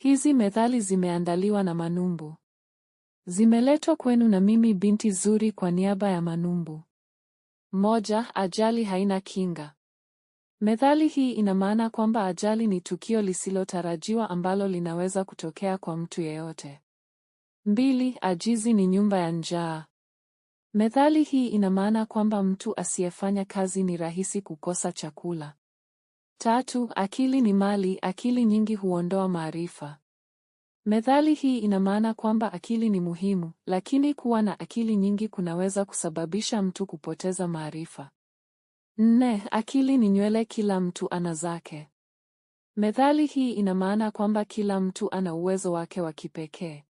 Hizi methali zimeandaliwa na Manumbu, zimeletwa kwenu na mimi binti Zuri kwa niaba ya Manumbu. Moja, ajali haina kinga. Methali hii ina maana kwamba ajali ni tukio lisilotarajiwa ambalo linaweza kutokea kwa mtu yeyote. Mbili, ajizi ni nyumba ya njaa. Methali hii ina maana kwamba mtu asiyefanya kazi ni rahisi kukosa chakula. Tatu, akili ni mali, akili nyingi huondoa maarifa. Methali hii ina maana kwamba akili ni muhimu, lakini kuwa na akili nyingi kunaweza kusababisha mtu kupoteza maarifa. Nne, akili ni nywele, kila mtu ana zake. Methali hii ina maana kwamba kila mtu ana uwezo wake wa kipekee.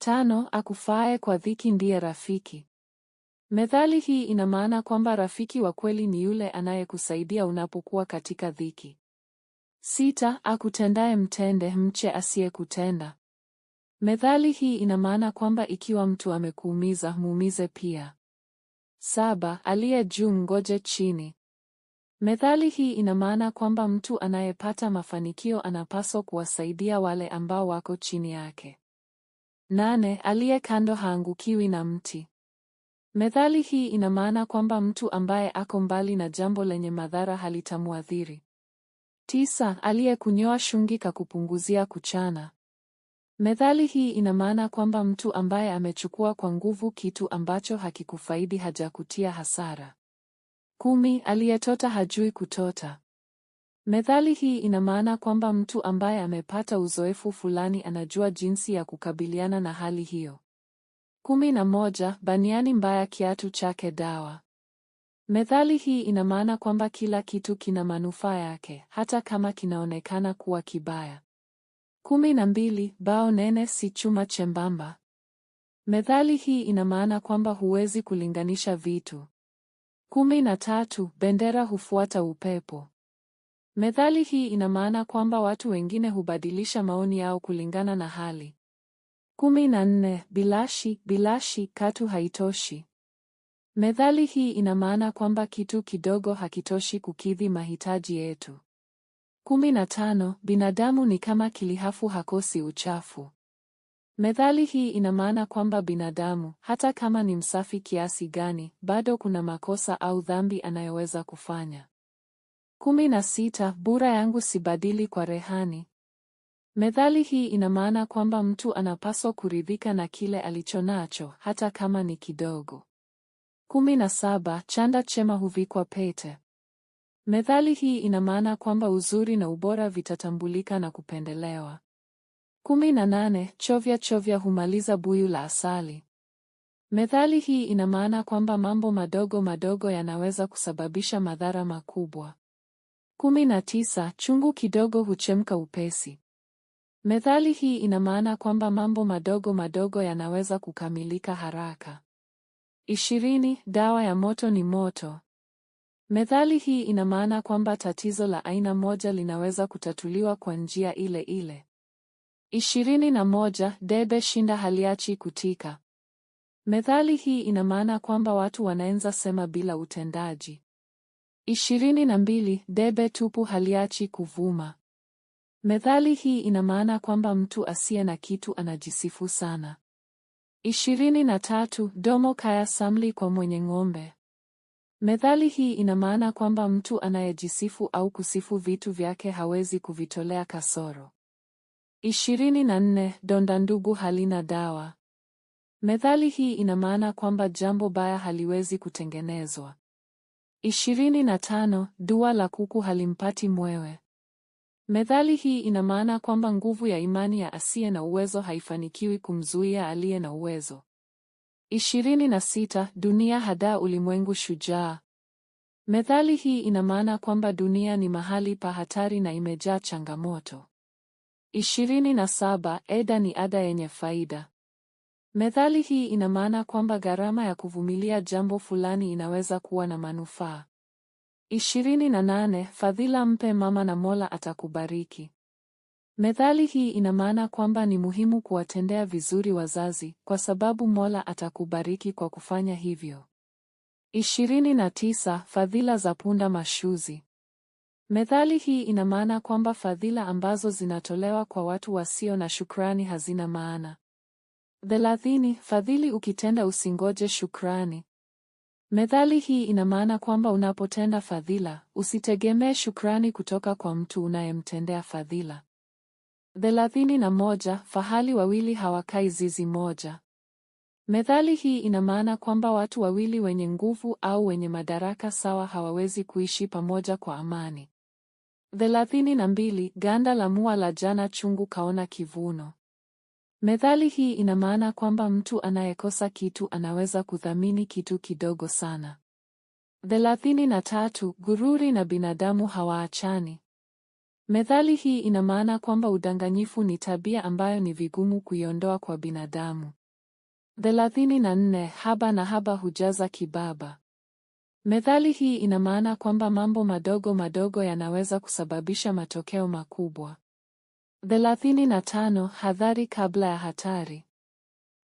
Tano, akufae kwa dhiki ndiye rafiki. Methali hii ina maana kwamba rafiki wa kweli ni yule anayekusaidia unapokuwa katika dhiki. Sita, akutendaye mtende mche asiyekutenda. Methali hii ina maana kwamba ikiwa mtu amekuumiza, muumize pia. Saba, aliye juu mngoje chini. Methali hii ina maana kwamba mtu anayepata mafanikio anapaswa kuwasaidia wale ambao wako chini yake. Nane, aliye kando haangukiwi na mti. Methali hii ina maana kwamba mtu ambaye ako mbali na jambo lenye madhara halitamwathiri Tisa, aliyekunyoa shungi kakupunguzia kuchana. Methali hii ina maana kwamba mtu ambaye amechukua kwa nguvu kitu ambacho hakikufaidi hajakutia hasara. Kumi, aliyetota hajui kutota. Methali hii ina maana kwamba mtu ambaye amepata uzoefu fulani anajua jinsi ya kukabiliana na hali hiyo kumi na moja. Baniani mbaya kiatu chake dawa. Methali hii ina maana kwamba kila kitu kina manufaa yake, hata kama kinaonekana kuwa kibaya. kumi na mbili. Bao nene si chuma chembamba. Methali hii ina maana kwamba huwezi kulinganisha vitu. kumi na tatu. Bendera hufuata upepo. Methali hii ina maana kwamba watu wengine hubadilisha maoni yao kulingana na hali kumi na nne. Bilashi, bilashi katu haitoshi. Methali hii ina maana kwamba kitu kidogo hakitoshi kukidhi mahitaji yetu. kumi na tano. Binadamu ni kama kilihafu hakosi uchafu. Methali hii ina maana kwamba binadamu, hata kama ni msafi kiasi gani, bado kuna makosa au dhambi anayoweza kufanya. kumi na sita. Bura yangu sibadili kwa rehani. Methali hii ina maana kwamba mtu anapaswa kuridhika na kile alichonacho hata kama ni kidogo. Kumi na saba. Chanda chema huvikwa pete. Methali hii ina maana kwamba uzuri na ubora vitatambulika na kupendelewa. Kumi na nane. Chovya chovya humaliza buyu la asali. Methali hii ina maana kwamba mambo madogo madogo yanaweza kusababisha madhara makubwa. Kumi na tisa. Chungu kidogo huchemka upesi. Methali hii ina maana kwamba mambo madogo madogo yanaweza kukamilika haraka. Ishirini, dawa ya moto ni moto. Methali hii ina maana kwamba tatizo la aina moja linaweza kutatuliwa kwa njia ile ile. Ishirini na moja, debe shinda haliachi kutika. Methali hii ina maana kwamba watu wanaenza sema bila utendaji. Ishirini na mbili, debe tupu haliachi kuvuma. Methali hii ina maana kwamba mtu asiye na kitu anajisifu sana. ishirini na tatu. Domo kaya samli kwa mwenye ng'ombe. Methali hii ina maana kwamba mtu anayejisifu au kusifu vitu vyake hawezi kuvitolea kasoro. ishirini na nne. Donda ndugu halina dawa. Methali hii ina maana kwamba jambo baya haliwezi kutengenezwa. ishirini na tano. Dua la kuku halimpati mwewe. Methali hii ina maana kwamba nguvu ya imani ya asiye na uwezo haifanikiwi kumzuia aliye na uwezo. 26 Dunia hadaa ulimwengu shujaa. Methali hii ina maana kwamba dunia ni mahali pa hatari na imejaa changamoto. 27. Eda ni ada yenye faida. Methali hii ina maana kwamba gharama ya kuvumilia jambo fulani inaweza kuwa na manufaa ishirini na nane. Fadhila mpe mama na Mola atakubariki. Methali hii ina maana kwamba ni muhimu kuwatendea vizuri wazazi kwa sababu Mola atakubariki kwa kufanya hivyo. ishirini na tisa. Fadhila za punda mashuzi. Methali hii ina maana kwamba fadhila ambazo zinatolewa kwa watu wasio na shukrani hazina maana. thelathini. Fadhili ukitenda usingoje shukrani. Methali hii ina maana kwamba unapotenda fadhila, usitegemee shukrani kutoka kwa mtu unayemtendea fadhila. Thelathini na moja, fahali wawili hawakai zizi moja. Methali hii ina maana kwamba watu wawili wenye nguvu au wenye madaraka sawa hawawezi kuishi pamoja kwa amani. Thelathini na mbili, ganda la mua la jana chungu kaona kivuno. Methali hii ina maana kwamba mtu anayekosa kitu anaweza kuthamini kitu kidogo sana. Thelathini na tatu. Gururi na binadamu hawaachani. Methali hii ina maana kwamba udanganyifu ni tabia ambayo ni vigumu kuiondoa kwa binadamu. Thelathini na nne. Haba na haba hujaza kibaba. Methali hii ina maana kwamba mambo madogo madogo yanaweza kusababisha matokeo makubwa. Thelathini na tano. Hadhari kabla ya hatari.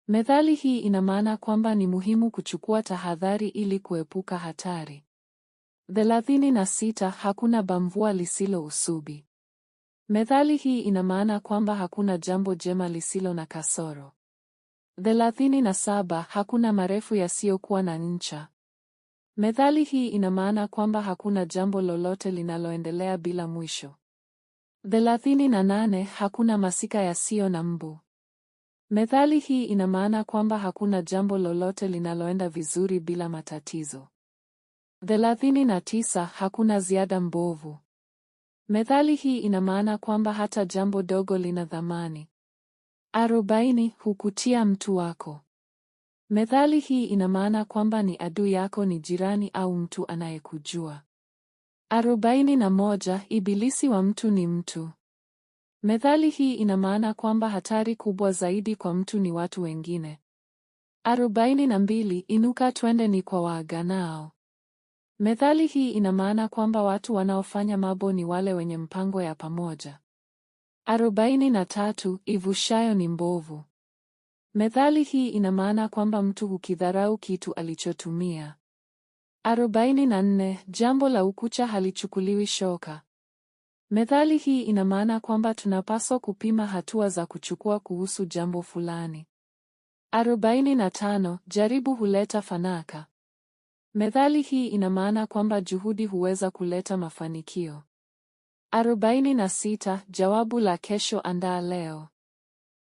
Methali hii ina maana kwamba ni muhimu kuchukua tahadhari ili kuepuka hatari. Thelathini na sita. Hakuna bamvua lisilo usubi. Methali hii ina maana kwamba hakuna jambo jema lisilo na kasoro. Thelathini na saba. Hakuna marefu yasiyokuwa na ncha. Methali hii ina maana kwamba hakuna jambo lolote linaloendelea bila mwisho thelathini na nane. Hakuna masika yasiyo na mbu. Methali hii ina maana kwamba hakuna jambo lolote linaloenda vizuri bila matatizo. thelathini na tisa. Hakuna ziada mbovu. Methali hii ina maana kwamba hata jambo dogo lina thamani. arobaini. Hukutia mtu wako. Methali hii ina maana kwamba ni adui yako ni jirani au mtu anayekujua arobaini na moja. Ibilisi wa mtu ni mtu. Methali hii ina maana kwamba hatari kubwa zaidi kwa mtu ni watu wengine. arobaini na mbili. Inuka twende ni kwa waaganao. Methali hii ina maana kwamba watu wanaofanya mambo ni wale wenye mpango ya pamoja. arobaini na tatu. Ivushayo ni mbovu. Methali hii ina maana kwamba mtu hukidharau kitu alichotumia. 44. Jambo la ukucha halichukuliwi shoka. Methali hii ina maana kwamba tunapaswa kupima hatua za kuchukua kuhusu jambo fulani. 45 Jaribu huleta fanaka. Methali hii ina maana kwamba juhudi huweza kuleta mafanikio. 46 Jawabu la kesho andaa leo.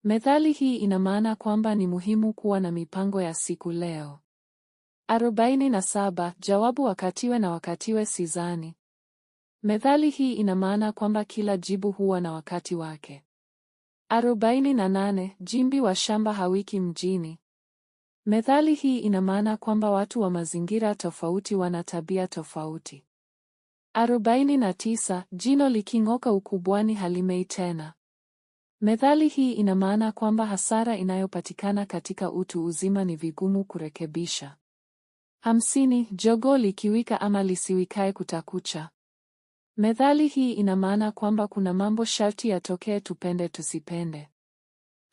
Methali hii ina maana kwamba ni muhimu kuwa na mipango ya siku leo. 47 Jawabu wakatiwe na wakatiwe sizani. Methali hii ina maana kwamba kila jibu huwa na wakati wake. 48 Jimbi wa shamba hawiki mjini. Methali hii ina maana kwamba watu wa mazingira tofauti wana tabia tofauti. 49 Jino liking'oka ukubwani halimei tena. Methali hii ina maana kwamba hasara inayopatikana katika utu uzima ni vigumu kurekebisha hamsini. Jogoo likiwika ama lisiwikae kutakucha. Methali hii ina maana kwamba kuna mambo sharti yatokee tupende tusipende.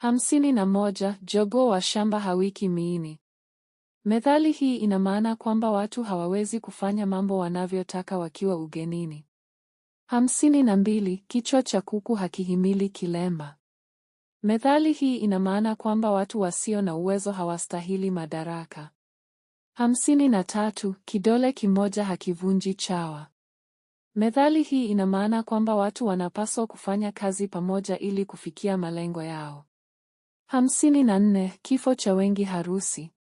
hamsini na moja. Jogoo wa shamba hawiki miini. Methali hii ina maana kwamba watu hawawezi kufanya mambo wanavyotaka wakiwa ugenini. hamsini na mbili. Kichwa cha kuku hakihimili kilemba. Methali hii ina maana kwamba watu wasio na uwezo hawastahili madaraka. Hamsini na tatu. Kidole kimoja hakivunji chawa. Methali hii ina maana kwamba watu wanapaswa kufanya kazi pamoja ili kufikia malengo yao. Hamsini na nne. Kifo cha wengi harusi.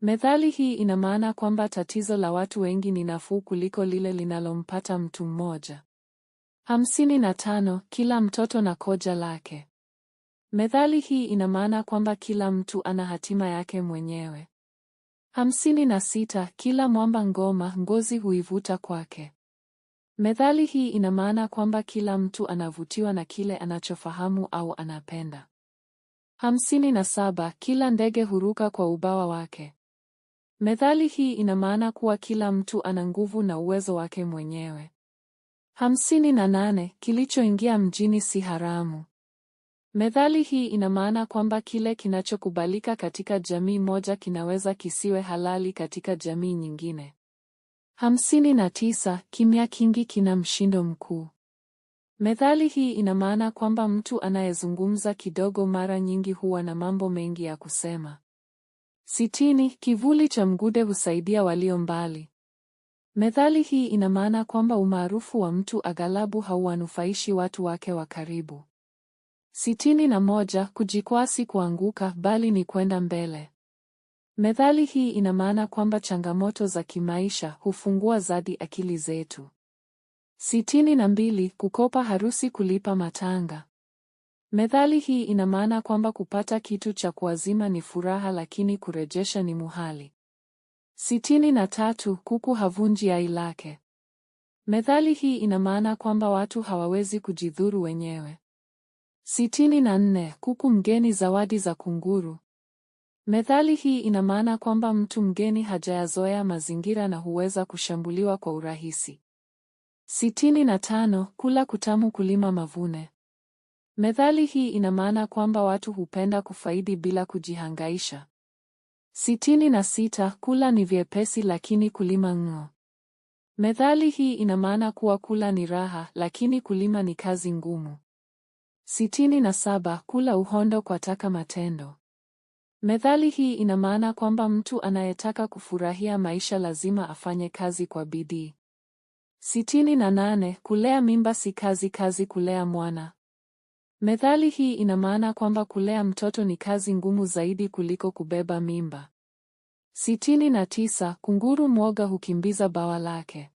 Methali hii ina maana kwamba tatizo la watu wengi ni nafuu kuliko lile linalompata mtu mmoja. Hamsini na tano. Kila mtoto na koja lake. Methali hii ina maana kwamba kila mtu ana hatima yake mwenyewe hamsini na sita. Kila mwamba ngoma ngozi huivuta kwake. Methali hii ina maana kwamba kila mtu anavutiwa na kile anachofahamu au anapenda. hamsini na saba. Kila ndege huruka kwa ubawa wake. Methali hii ina maana kuwa kila mtu ana nguvu na uwezo wake mwenyewe. hamsini na nane. Kilichoingia mjini si haramu. Methali hii ina maana kwamba kile kinachokubalika katika jamii moja kinaweza kisiwe halali katika jamii nyingine. Hamsini na tisa, kimya kingi kina mshindo mkuu. Methali hii ina maana kwamba mtu anayezungumza kidogo mara nyingi huwa na mambo mengi ya kusema. Sitini, kivuli cha mgude husaidia walio mbali. Methali hii ina maana kwamba umaarufu wa mtu aghalabu hauwanufaishi watu wake wa karibu sitini na moja kujikwaa si kuanguka bali ni kwenda mbele. Methali hii ina maana kwamba changamoto za kimaisha hufungua zadi akili zetu. sitini na mbili kukopa harusi kulipa matanga. Methali hii ina maana kwamba kupata kitu cha kuazima ni furaha, lakini kurejesha ni muhali. sitini na tatu kuku havunji ai lake. Methali hii ina maana kwamba watu hawawezi kujidhuru wenyewe sitini na nne. Kuku mgeni zawadi za kunguru. Methali hii ina maana kwamba mtu mgeni hajayazoea mazingira na huweza kushambuliwa kwa urahisi. sitini na tano. Kula kutamu kulima mavune. Methali hii ina maana kwamba watu hupenda kufaidi bila kujihangaisha. sitini na sita. Kula ni vyepesi lakini kulima ng'o. Methali hii ina maana kuwa kula ni raha lakini kulima ni kazi ngumu sitini na saba. Kula uhondo kwa taka matendo. Methali hii ina maana kwamba mtu anayetaka kufurahia maisha lazima afanye kazi kwa bidii. sitini na nane. Kulea mimba si kazi, kazi kulea mwana. Methali hii ina maana kwamba kulea mtoto ni kazi ngumu zaidi kuliko kubeba mimba. sitini na tisa. Kunguru mwoga hukimbiza bawa lake.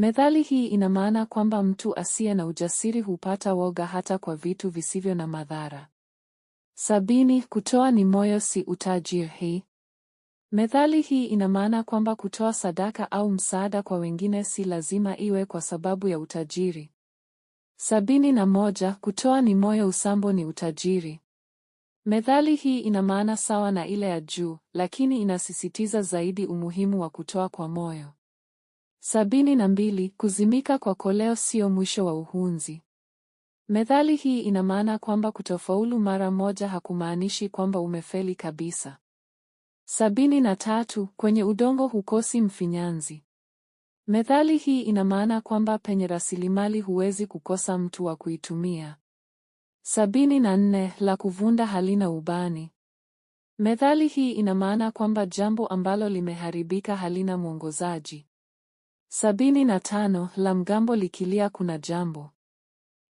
Methali hii ina maana kwamba mtu asiye na ujasiri hupata woga hata kwa vitu visivyo na madhara. Sabini, kutoa ni moyo si utajiri. Hii methali hii ina maana kwamba kutoa sadaka au msaada kwa wengine si lazima iwe kwa sababu ya utajiri. Sabini na moja, kutoa ni moyo usambo ni utajiri. Methali hii ina maana sawa na ile ya juu, lakini inasisitiza zaidi umuhimu wa kutoa kwa moyo sabini na mbili. Kuzimika kwa koleo sio mwisho wa uhunzi. Methali hii ina maana kwamba kutofaulu mara moja hakumaanishi kwamba umefeli kabisa. sabini na tatu. Kwenye udongo hukosi mfinyanzi. Methali hii ina maana kwamba penye rasilimali huwezi kukosa mtu wa kuitumia. sabini na nne. La kuvunda halina ubani. Methali hii ina maana kwamba jambo ambalo limeharibika halina mwongozaji. Sabini na tano, la mgambo likilia kuna jambo.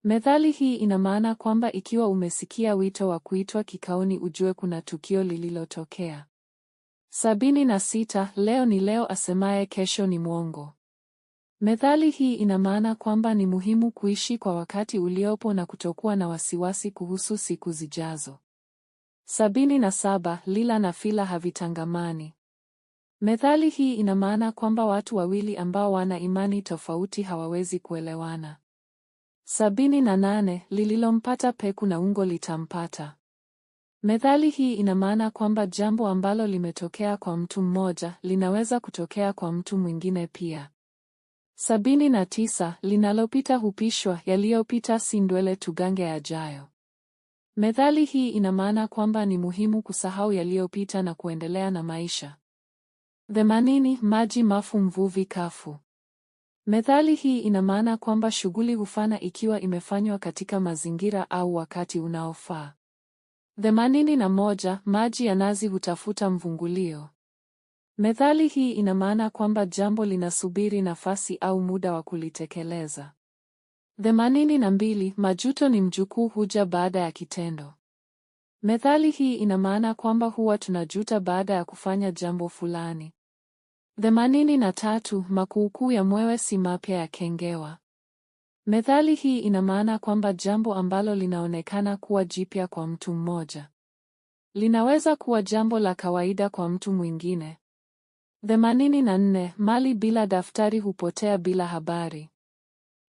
Methali hii ina maana kwamba ikiwa umesikia wito wa kuitwa kikaoni ujue kuna tukio lililotokea. Sabini na sita, leo ni leo asemaye kesho ni mwongo. Methali hii ina maana kwamba ni muhimu kuishi kwa wakati uliopo na kutokuwa na wasiwasi kuhusu siku zijazo. Sabini na saba, lila na fila havitangamani. Methali hii ina maana kwamba watu wawili ambao wana imani tofauti hawawezi kuelewana. Sabini na nane, lililompata peku na ungo litampata. Methali hii ina maana kwamba jambo ambalo limetokea kwa mtu mmoja linaweza kutokea kwa mtu mwingine pia. Sabini na tisa, linalopita hupishwa, yaliyopita si ndwele tugange yajayo. Methali hii ina maana kwamba ni muhimu kusahau yaliyopita na kuendelea na maisha themanini Maji mafu mvuvi kafu. Methali hii ina maana kwamba shughuli hufana ikiwa imefanywa katika mazingira au wakati unaofaa. themanini na moja Maji ya nazi hutafuta mvungulio. Methali hii ina maana kwamba jambo linasubiri nafasi au muda wa kulitekeleza. themanini na mbili Majuto ni mjukuu huja baada ya kitendo. Methali hii ina maana kwamba huwa tunajuta baada ya kufanya jambo fulani. 83 Makuukuu ya mwewe si mapya ya kengewa. Methali hii ina maana kwamba jambo ambalo linaonekana kuwa jipya kwa mtu mmoja linaweza kuwa jambo la kawaida kwa mtu mwingine. 84 Mali bila daftari hupotea bila habari.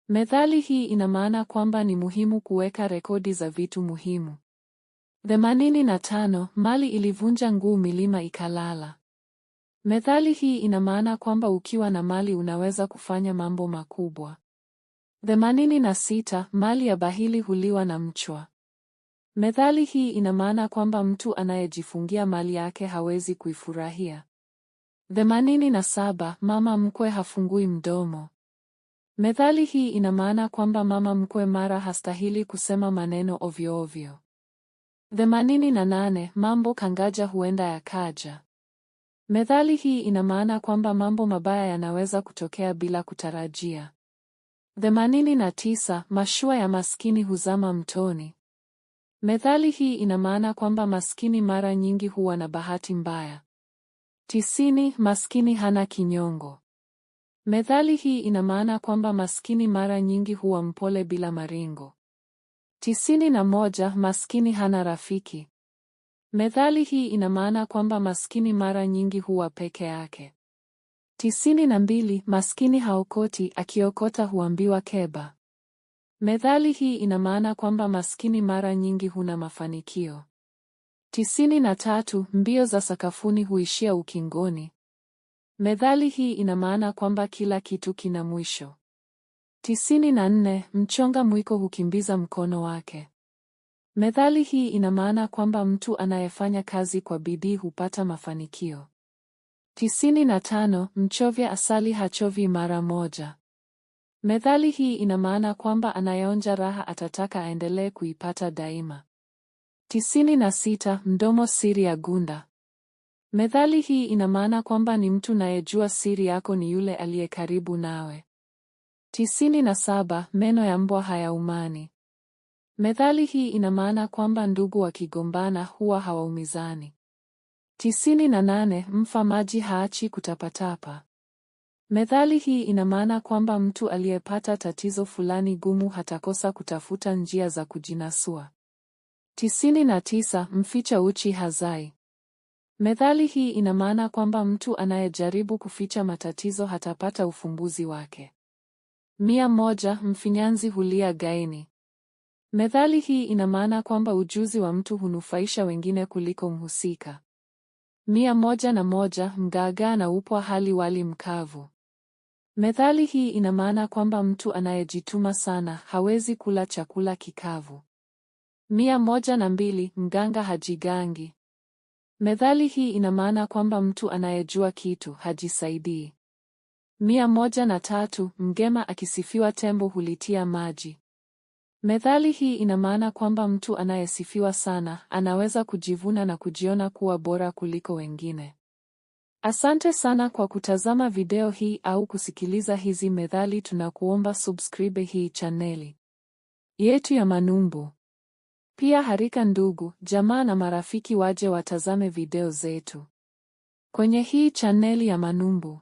Methali hii ina maana kwamba ni muhimu kuweka rekodi za vitu muhimu. 85 Mali ilivunja nguu milima ikalala. Methali hii ina maana kwamba ukiwa na mali unaweza kufanya mambo makubwa. Themanini na sita, mali ya bahili huliwa na mchwa. Methali hii ina maana kwamba mtu anayejifungia mali yake hawezi kuifurahia. Themanini na saba, mama mkwe hafungui mdomo. Methali hii ina maana kwamba mama mkwe mara hastahili kusema maneno ovyo ovyo. Themanini na nane, mambo kangaja huenda yakaja. Methali hii ina maana kwamba mambo mabaya yanaweza kutokea bila kutarajia. 89 na tisa, mashua ya maskini huzama mtoni. Methali hii ina maana kwamba maskini mara nyingi huwa na bahati mbaya. Tisini, maskini hana kinyongo. Methali hii ina maana kwamba maskini mara nyingi huwa mpole bila maringo. Tisini na moja, maskini hana rafiki. Methali hii ina maana kwamba maskini mara nyingi huwa peke yake. tisini na mbili maskini haokoti akiokota huambiwa keba. Methali hii ina maana kwamba maskini mara nyingi huna mafanikio. tisini na tatu mbio za sakafuni huishia ukingoni. Methali hii ina maana kwamba kila kitu kina mwisho. tisini na nne mchonga mwiko hukimbiza mkono wake. Methali hii ina maana kwamba mtu anayefanya kazi kwa bidii hupata mafanikio. tisini na tano. Mchovya asali hachovi mara moja. Methali hii ina maana kwamba anayeonja raha atataka aendelee kuipata daima. tisini na sita. Mdomo siri ya gunda. Methali hii ina maana kwamba ni mtu nayejua siri yako ni yule aliye karibu nawe. tisini na saba. Meno ya mbwa hayaumani. Methali hii ina maana kwamba ndugu wakigombana huwa hawaumizani. tisini na nane. Mfa maji haachi kutapatapa. Methali hii ina maana kwamba mtu aliyepata tatizo fulani gumu hatakosa kutafuta njia za kujinasua. tisini na tisa. Mficha uchi hazai. Methali hii ina maana kwamba mtu anayejaribu kuficha matatizo hatapata ufumbuzi wake. mia moja. Mfinyanzi hulia gaini. Methali hii ina maana kwamba ujuzi wa mtu hunufaisha wengine kuliko mhusika. Mia moja na moja, mgaagaa na upwa hali wali mkavu. Methali hii ina maana kwamba mtu anayejituma sana hawezi kula chakula kikavu. Mia moja na mbili, mganga hajigangi. Methali hii ina maana kwamba mtu anayejua kitu hajisaidii. Mia moja na tatu, mgema akisifiwa tembo hulitia maji. Methali hii ina maana kwamba mtu anayesifiwa sana anaweza kujivuna na kujiona kuwa bora kuliko wengine. Asante sana kwa kutazama video hii au kusikiliza hizi methali. Tunakuomba subscribe hii chaneli yetu ya Manumbu. Pia harika ndugu, jamaa na marafiki waje watazame video zetu kwenye hii chaneli ya Manumbu.